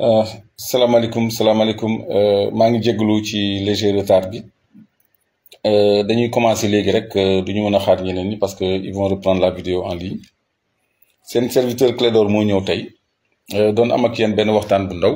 Euh, salam alaikum, salam alaikum. Euh, Je ci léger retard bi euh, dañuy commencer léegi rek du ñu mën a xaar parce qu'ils vont reprendre la vidéo en ligne C'est un serviteur clé d'or ñëw tey doon am ak yéen benn waxtaan bu ndaw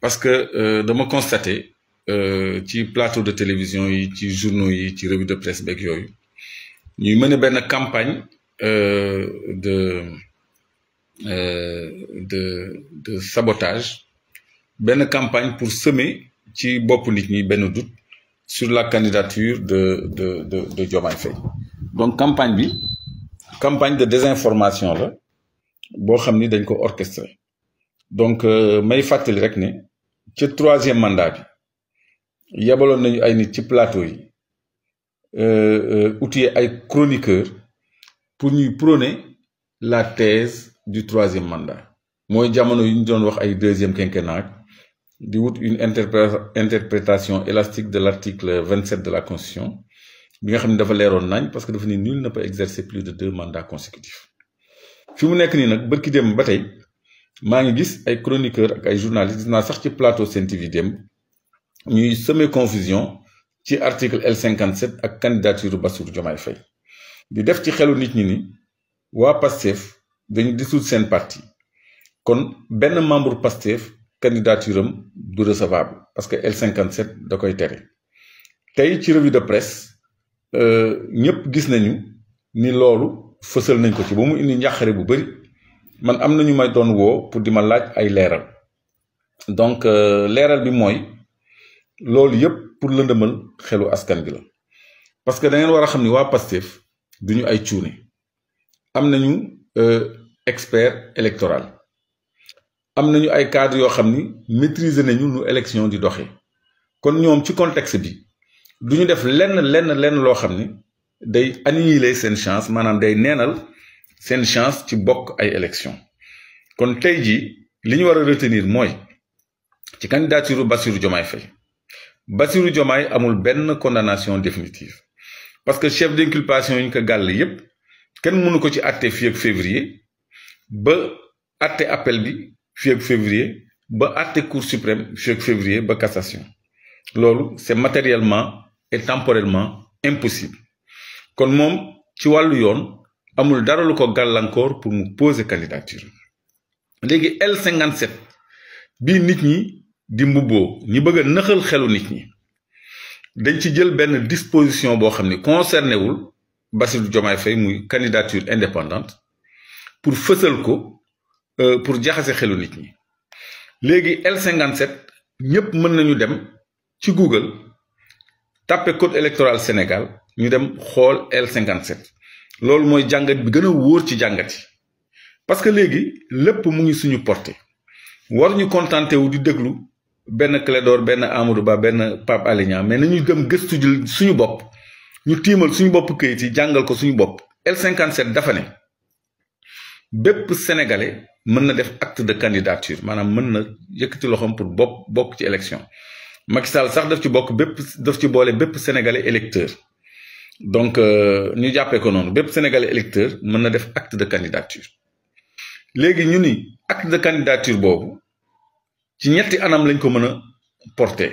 parce que me constater les plateau de télévision yi les journaux yi les revue de presse nous avons ñuy une campagne de. Euh, de de sabotage benn campagne pour semer ci beaucoup nit ñi benn doute sur la candidature de de de de Diomaye Faye donc campagne bi campagne de désinformation là, beaucoup de dañ ko orchestré donc euh, may fàttali rek ne ci troisième mandat bi a nañu ay nit ci plateau yi euh, outillé ay chroniqueurs pour ñuy prôner la thèse du troisième mandat Moi, jamono yu que voir wax ay deuxième quinquennat di une interprétation élastique de l'article 27 de la constitution bi nga nous devons dafa leeroon parce que dafa nul ne peut exercer plus de deux mandats consécutifs Si mu nekk nii nag dem chroniqueur et ay journalistes gis sax plateau Sen TV dem ñuy semer confusion ci article L57 la candidature Bassour Diomaye Faye di def ci xelu nit ñi ni wa passef dañu dissoudre seen parti kon benn membre Pastef candidature am du recevable parce que L57 da koy tere tey ci revue de presse euh, ñëpp gis nañu ni loolu fësal nañ ko ci ba mu indi njàqare bu bëri man am na may doon woo pour di ma laaj ay leeral donc euh, leeral bi mooy loolu yëpp pour lëndëmal xelu askan bi la parce que da ngeen war a xam ni waa Pastef ay cuune am nañu. Euh, expert électoral am nañu ay cadre yo xamni maîtriser nañu nu élection di doxé. kon ñom ci contexte bi duñu def lenn lenn lenn lo xamni day annihiler sen chance manam day nénal sen chance ci bok ay élection kon tey jii li ñu retenir moy ci candidature Bassirou Diomaye Faye Bassirou Diomaye amul benn condamnation définitive parce que chef d'inculpation yi ko gal yépp kenn mënu ko ci àtte fii ak février ba àtte appel bi fii ak février ba àtte cour suprême fii février ba cassation l'olu c'est matériellement et temporellement impossible kon mom ci walu yone amul dara lu ko gàllankoor pour nous poser candidature légui L57 bi nit ñi di mbubboo ñi bëgg a nëxal xelu nit ñi dañ ci jël ben disposition bo xamni concerné wul Bassirou Diomaye Faye muy candidature indépendante pour fësal ko euh, pour jaxase xelu nit ñi léegi L57 ñëpp mën nañu dem ci Google tapé code électoral Sénégal ñu dem xool L57 loolu mooy jàngat bi gën wóor ci jàngat yi parce que léegi lépp mu ngi suñu porté war ñu contenté wu di déglu benn Clédor benn Amadou Ba benn Pape Alé mais na nañu dem gëstu suñu bopp ñu tiimal suñu bopp këyit yi jàngal ko suñu bopp L57 dafa ne les sénégalais mën na acte de candidature maanaam mën na pour bopp bokk ci élection sax daf ci daf ci sénégalais électeur donc euh, ñu jàppee ko sénégalais électeur acte de candidature léegi ñu ni acte de candidature boobu ci ñetti anam lañ ko mën porter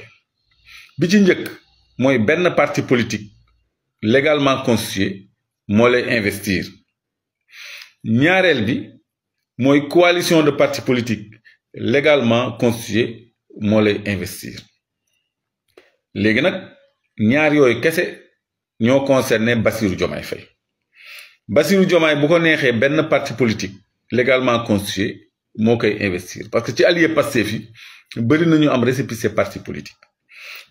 bi ci parti politique légalement constitué moo lay investir ñaareel bi mooy coalition de partis politiques légalement constituée moo lay investir léegi nag ñaar yooyu kese ñoo concerné Bassirou Diomaye fay Basiru Diomaye bu ko neexee benn parti politique légalement constitué moo investir parce que ci allié Pastef yi bëri nañu am récépissé parti politique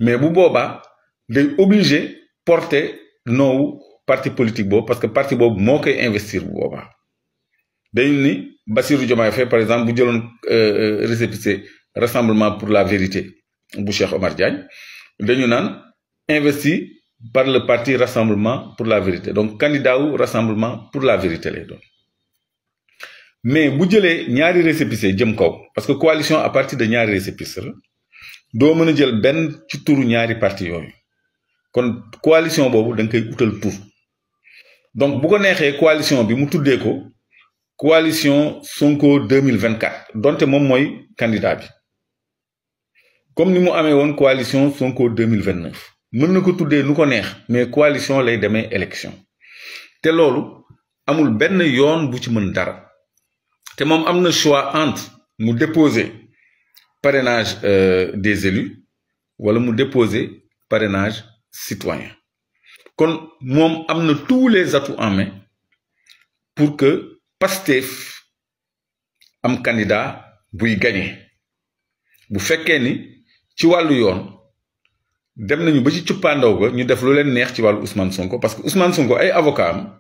mais bu boobaa day obligé porter noowu parti politique parce que parti boobu moo investir bu dañu bassir Diomaye par exemple bu euh, euh récépissé rassemblement pour la vérité bu Cheikh Omar Diagne dañu investi par le parti rassemblement pour la vérité donc candidat au rassemblement pour la vérité les mais bu jëlé ñaari récépissé parce que coalition à partir de ñaari récépissé donc doo a jël ben ci parti yoy kon coalition bobu dang koy donc bu ko coalition bi mu tuddé ko coalition Sonko 2024 donte mon suis candidat comme nous avons une coalition Sonko 2029 nous avons ko tuddee neex mais coalition lay demain élection C'est là amul ben yon bu ci mën dara té mom choix entre mu déposer parrainage euh, des élus wala mu déposer parrainage citoyen kon mom amna tous les atouts en main pour que Pastef am candidat buy gagné bu féké ni ci walu yoon dem nañu ba ci ciupandaw ba ñu def lu leen neex ci walu Ousmane Sonko parce que Ousmane Sonko ay avocat am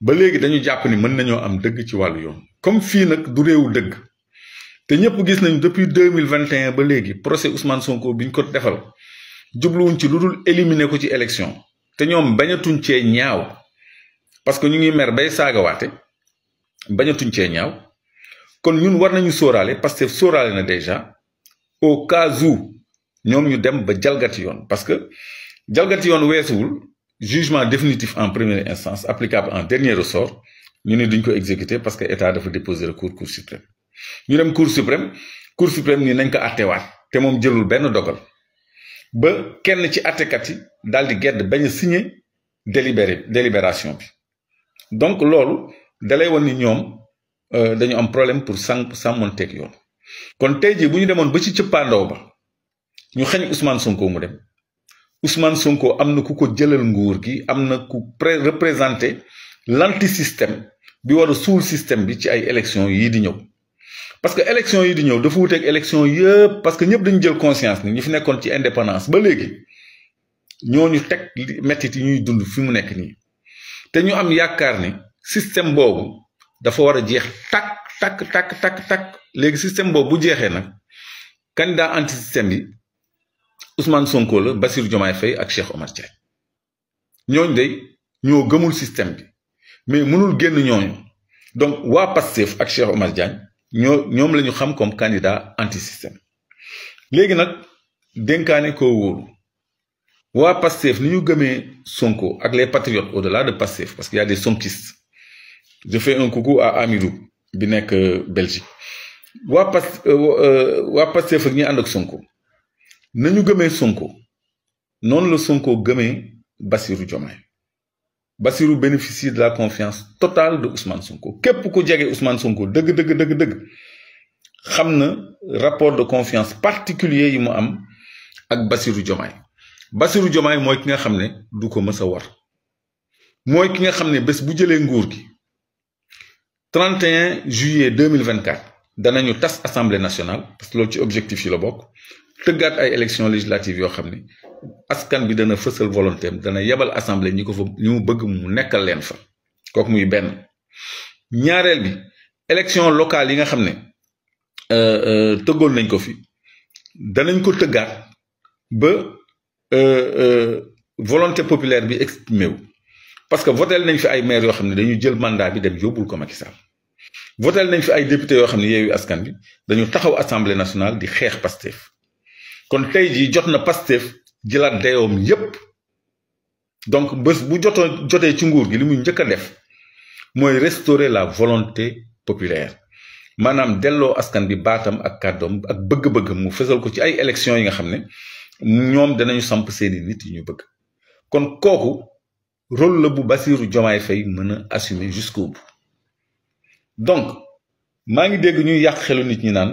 ba légui dañu japp ni mën nañu am dëgg ci walu yoon comme fi nak du réewu dëgg té ñëpp gis nañu depuis 2021 ba légui procès Ousmane Sonko biñ ko defal wuñ ci lu éliminer ko ci élection té ñom bañatuñ ci ñaaw parce que ñu ngi mer bay waté bañatuñ cee ñaaw kon ñun war nañu sóoraale parce que sóoraale na déjà au cas où ñoom ñu dem ba jalgati yoon parce que jalgati yoon weesuwul jugement définitif en première instance applicable en dernier ressort nous ne duñ ko exécuter parce que état dafa déposer recours cour suprême ñu dem cour suprême cour suprême ni nañ ko attewaat te moom jëlul benn dogal ba kenn ci attekat yi daal di gedd bañ a signer délibéré délibération bi donc loolu dalay won ni ñoom euh, dañu am problème pour sàn sàmmonteeg yoon kon tey jii bu ñu demoon ba ci cëppaandoo ba ñu xañ Ousmane Sonko mu dem Ousmane Sonko am na ku ko jëlal nguur gi am na ku pré représenté l'anti système bi war a suul système bi ci ay élections yii di ñëw parce que élections yi di ñëw dafa wuteeg élections yëpp parce que ñëpp dañu jël conscience ni ñu fi nekkoon ci indépendance ba léegi ñooñu teg mettit yi ñuy dund fi mu nekk nii te ñu am yaakaar ni système bobu dafa wara a jeex tak tak tak tak tak système bobu bu jeexé candidat anti système Ousmane Sonko le Bassirou Diomaye Faye ak Cheikh Omar Diagne de ñoo gëmul système bi mais mënul génn donc wa ak Cheikh Omar Diagne ñoo ñom comme candidat anti système léegi nak dénkaane ko wa ñu Sonko les patriotes au-delà de passif, parce qu'il y a des sonkistes je fais un coucou à Amidou bi que euh, Belgique Je pas euh, euh, waa Pastef ak ñi ànd ak Sonko nañu avons Sonko Non, la Sonko Bassirou Diomaye bénéficie de la confiance totale de Ousmane Sonko ce ku jege Ousmane Sonko deug, deug, deug, deug. xam rapport de confiance particulier yi mu am ak Bassirou Diomaye Bassirou Diomaye moy ki nga xamné du ko mësa a war moy ki nga xamné bës bu nguur gi 31 juillet 2024 Dans notre assemblée nationale parce que l'objectif la élections législatives législative, askan bi dana volonté dana assemblée ñu bëgg mu nekkal leen fa muy bi élection locale yi nga euh euh teggol nañ ko fi danañ ko ba euh, euh, volonté populaire bi exprimé parce que voter nañ fi ay maire yo dañu mandat bi dem ko Macky votel nañ fi ay député yo xam ne yeewu askan bi dañu taxaw assemblée nationale di xeex Pastef kon tey jii jot Pastef jilat dayoom yépp donc bëss bu joto joté ci nguur gi limu muy njëkk def mooy restaurer la volonté populaire manam delloo askan bi batam ak kàddoom ak bëgg bëgg mu fessel ko ci ay élections yi nga xam ne ñoom danañu samp seen nit yi ñu bëgg kon koku rôle la bu Bassirou jomay fay mëna a assumer jusqu'au bout donc maa ngi ñuy xelu nit ñi naan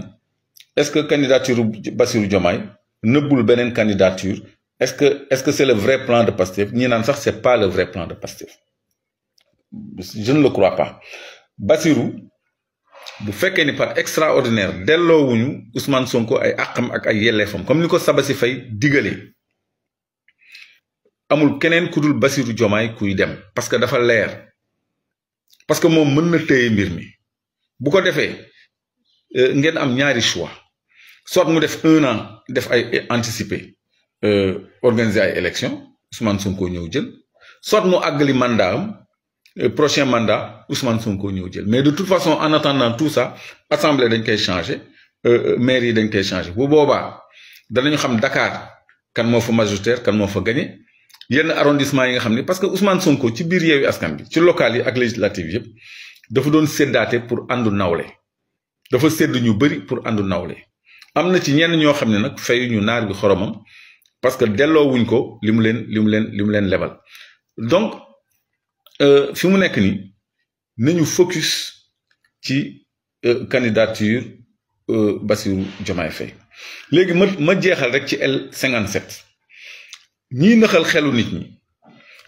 est-ce que candidature Bassirou Diomaye nëbbul une candidature est-ce que est-ce que c'est le vrai plan de Pastef ñi naan sax c'est pas le vrai plan de Pastef je ne le crois pas Bassirou bu fekkee ni par extraordinaire delloowuñu Ousmane Sonko ay Akam ak ay yelleefam comme nous ko Sabasy Faye amul kenen kudul dul Bassirou Diomaye kuy dem parce que dafa leer parce que moom mën na téye mbir mi bu ko defee euh, ngeen am ñaari choix soit mu def un an def ay anticiper euh, organiser ay élection Ousmane Sonko ñëw jël soit mu àggali mandat euh, prochain mandat Ousmane Sonko ñëw jël mais de toute façon en attendant tout ça assemblée dañ koy changer maire yi dañ koy changer bu boobaa danañu xam Dakar kan moo fa majoritaire kan moo fa gagné. yenn arrondissement yi nga xam ne parce que Ousmane Sonko ci biir yeewi askan bi ci local yi ak législative yëpp dafa doon séddaate pour àndu nawle dafa sédd ñu bëri pour àndu nawle am na ci ñenn ñoo xam ne nag fayu ñu naar bi xoromam parce que delloowuñ ko li mu leen li mu leen li leen lebal donc euh, fi mu nekk ni ñu focus ci euh, candidature euh, Bassirou Diomaye Faye léegi ma ma jeexal rek ci L57 Nous naxal xelu nit ñi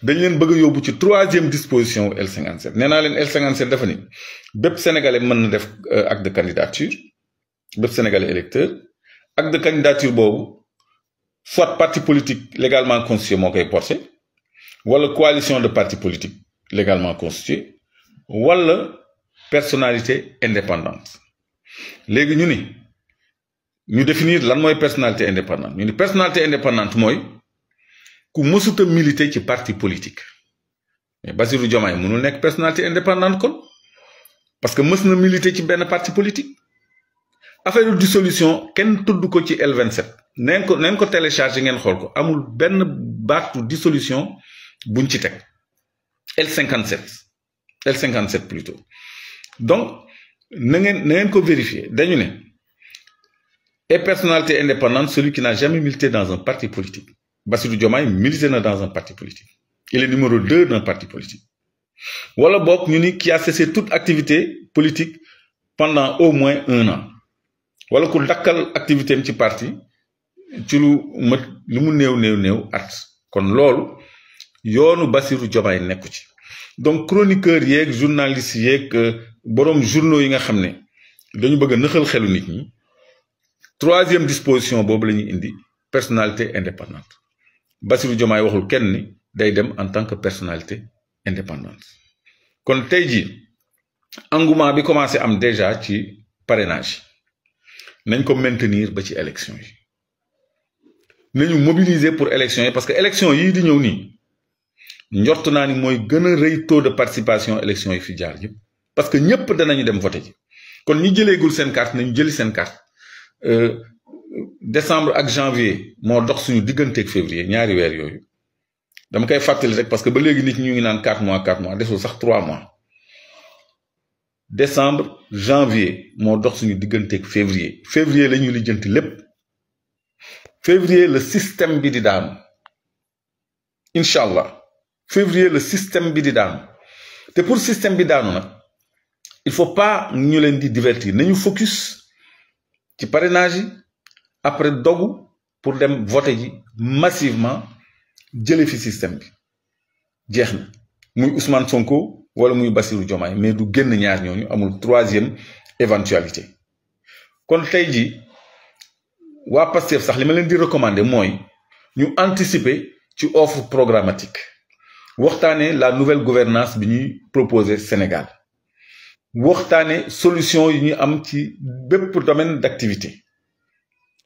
dañ leen bëgg a yóbbu ci troisième disposition L57 nee naa leen L57 dafa ni sénégalais euh, acte de candidature bépp sénégalais électeur acte de candidature boobu soit parti politique légalement constitué soit koy wala coalition de partis politiques légalement constitué wala personnalité indépendante Nous, ñu ni ñu définir lan personnalité indépendante ñu personnalité indépendante mooy ku mësuta militer ci parti politique mais Bassirou Diomaye mënul une personnalité indépendante kon parce que mës na militer ci un parti politique affaire dissolution kenn tudd ko ci L27 neen ko neen ko téléchargé ngeen xool ko amul benn dissolution buñ ci L57 L57 plutôt donc na ngeen ko vérifier dañu ne est personnalité indépendante celui qui n'a jamais milité dans un parti politique Bassirou Diomaye milite dans un parti politique il est numéro deux d'un parti politique wala Bok ñu ni qui a cessé toute activité politique pendant au moins un an wala ko dakkal activité du ci parti ci lu mat lu mu néew art. kon loolu yoonu Bassirou Diomaye nekku donc chroniqueur yek, journaliste yek, euh, borom journaux yi nga xam ne dañu bëgg a nëxal xelu nit ñi troisième disposition boobu la indi personnalité indépendante Bassirou Diomaye waxul kenn ni day dem en tant que personnalité indépendante kon tayji jii engouement bi commencé am déjà ci parrainage nagn ko maintenir ba ci élection yi nañu mobiliser pour élection yi parce que élection yi di ñëw ni njort ni moy gëna reuy taux de participation élection yi fi jaar yëpp parce que ñëpp danañu dem voter ci kon ñi jëleegul sen carte nañu jëli sen carte euh, décembre à janvier mo dox suñu digënté ak février ñaari wër yoyu dama kay fatali rek parce que ba légui nit ñu ngi nan 4 mois 4 mois dessu sax 3 mois décembre janvier mo dox suñu digënté ak février février lañu sommes En février le système est di dame inshallah février le système est di dame té pour système bi daanu nak il faut pas nous divertir. Nous divertir nañu focus ci parrainage après dogu pour dem voter massivement jëlé fi système bi jeexna muy Ousmane Sonko wala muy Bassirou Diomaye mais du génn ñaar ñooñu amul troisième éventualité kon tay ji wa Pastef sax di recommander moy ñu anticiper ci offre programmatique waxtane la nouvelle gouvernance bi ñuy proposer Sénégal waxtane solution yi ñu am ci bépp domaine d'activité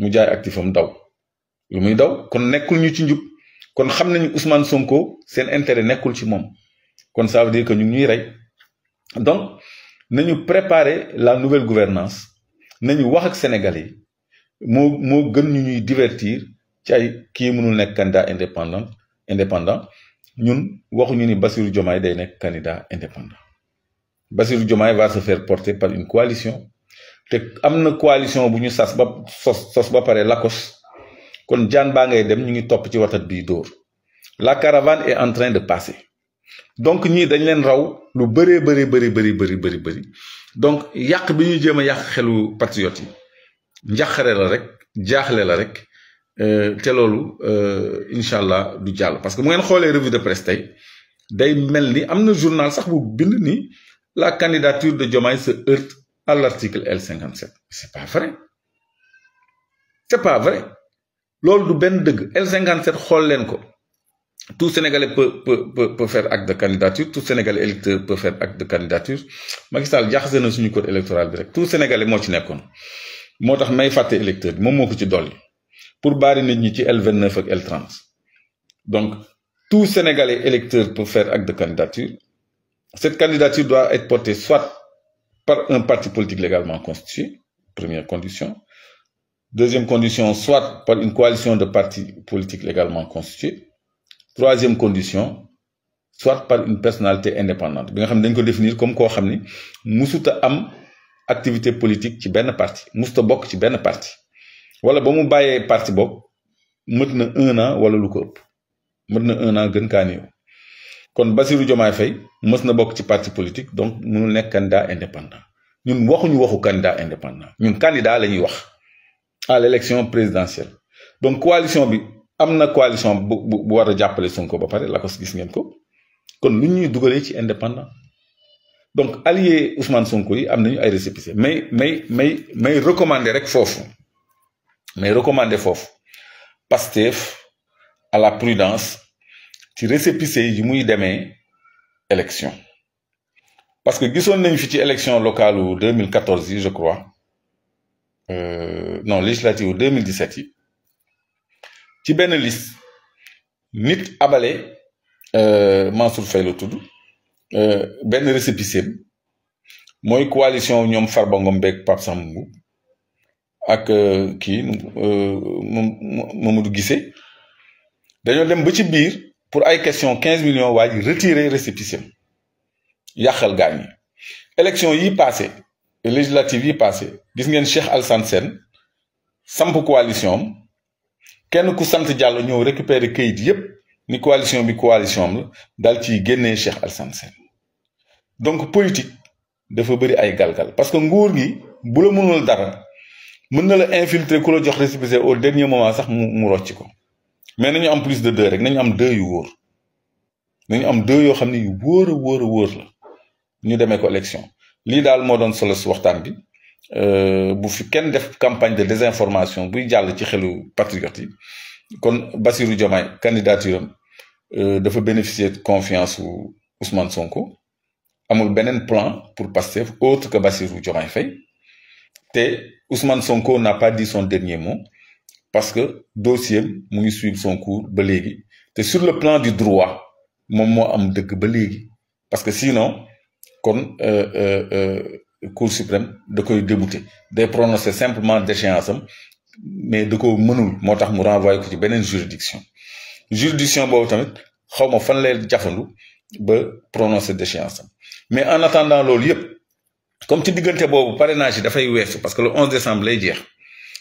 Nous jaay actif daw lu daw kon nekkul ñu ci njub kon Ousmane Sonko intérêt nekkul ci ça veut dire que ñu donc nous préparer la nouvelle gouvernance nañu wax ak Sénégalais Nous gën ñu divertir ci ay mënul candidat indépendant indépendant ñun Diomaye day nekk candidat indépendant Diomaye va se faire porter par une coalition té amna coalition buñu ba sos ba kon ngay dem ñu ngi la caravane est en train de passer donc ñi dañ leen raw lu donc xelu la rek la rek euh, euh, du parce que mu ngeen revue de presse day journal sax bu bind ni la candidature de se heurte à l'article L57 c'est pas vrai c'est pas vrai L'ol du Ben L57 xool tout Sénégalais peut peut peut faire acte de candidature tout Sénégalais électeur peut faire acte de candidature Macky Sall jaxase na suñu code électoral direct. tout Sénégalais moi ci nekkoon moi je may faté électeur moi moom que ko ci pour bari nit ñi L29 ak L30 donc tout Sénégalais électeur peut faire acte de candidature cette candidature doit être portée soit par un parti politique légalement constitué, première condition. Deuxième condition, soit par une coalition de partis politiques légalement constitués. Troisième condition, soit par une personnalité indépendante. Bien sûr, définir comme quoi on musuta am activité politique ci un parti musuta bokk ci un parti wala ba mu bàyyee parti boobu mët na un an wala lu ko ëpp mët na un an gën kon Bassirou Diomaye fay mës na bok ci parti politique donc mënul nek candidat indépendant ñun ñu waxu candidat indépendant ñun candidat lañuy wax à l'élection présidentielle donc coalition bi amna coalition bu wara jappalé a Sonko ba paré la ko gis ngeen ko kon lu ñuy duggalé ci indépendant donc allié Ousmane Sonko yi amna ñu ay récépissé mais mais mais mais recommander rek fofu mais recommander fofu Pastef à la prudence ci récépissé yi muy démé élection parce que gisoon nañu fi ci élection locale en 2014 je crois euh, non législative en 2017 yi ci une liste nit euh Mansour Faye la euh ben récépissé moy coalition ñom Farba Ngom beeg Pape Samba Mboup euh, ki euh Mamadou Guissé dañu dem ba ci bir pour ay question 15 millions waa ji retiré récépissé yàqal gaañ élection yi passé législative yi passé gis chef Cheikh Al-San Sen, samp coalition am kenn ku sant Diallo ñëw récupérer kayit yépp ni coalition bi coalition am la daal ciy génnee al donc politique de bëri ay galgal parce que nguur gi bu la mënul dara mën na infiltrer ko la jox au dernier moment sax mu rocc ko mais nañu am plus de deux rek nañu am deux yu wóor nañu am deux yoo xam ne yu wóor a wóor a wóor la ñu demee ko élection lii daal moo doon solo waxtaan bi euh, bu fi kenn def campagne de désinformation buy jàll ci xelu patriote yi kon Bassirou Diomaye candidature am euh, dafa bénéficier de confiance Ousmane Sonko amul beneen plan pour passer, autre que Basirou Diomaye Faye te Ousmane Sonko n'a pas dit son dernier mot parce que dossier mu ngi suivre son cours ba légui té sur le plan du droit mom mo am deug ba légui parce que sinon kon euh, euh, euh, cour suprême da koy débouté day prononcer simplement déchéance mais da ko mënul motax mu renvoyer ko ci benen juridiction juridiction bobu tamit xawma fan lay jafandu ba prononcer déchéance mais en attendant loolu yépp comme ci digënté bobu parrainage da fay weesu parce que le 11 décembre lay jeex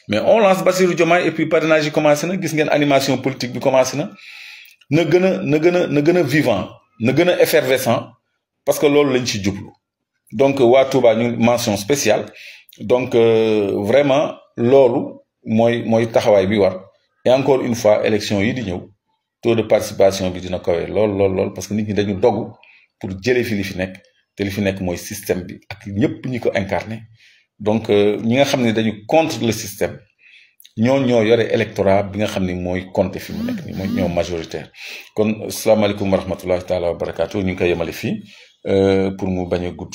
mais on lance Bassirou Diomaye et puis parrainage commence, commencé na gis ngeen animation politique bi commencé na na vivants, nous na effervescents vivant na gëna effervescent parce que loolu lañ ci jublu donc wa Touba ñu mention spéciale donc euh, vraiment loolu moy moy taxaway bi war et encore une fois élection yi di ñew taux de participation bi dina kawé lool lool lool parce que nit ñi dañu dogu pour jëlé fi li fi nek té li fi système bi ak ñepp ñi ko incarné donc euh, ñi nga xam ne dañu contre le système ñoo ñoo yore électorat bi nga xam ni mooy compté fi mu nekk ni mooy ñoo majoritaire kon salaamaaleykum wa rahmatullahi taala wa barakaatu ñu ngi koy yemale fii euh, pour mu bañ a gudd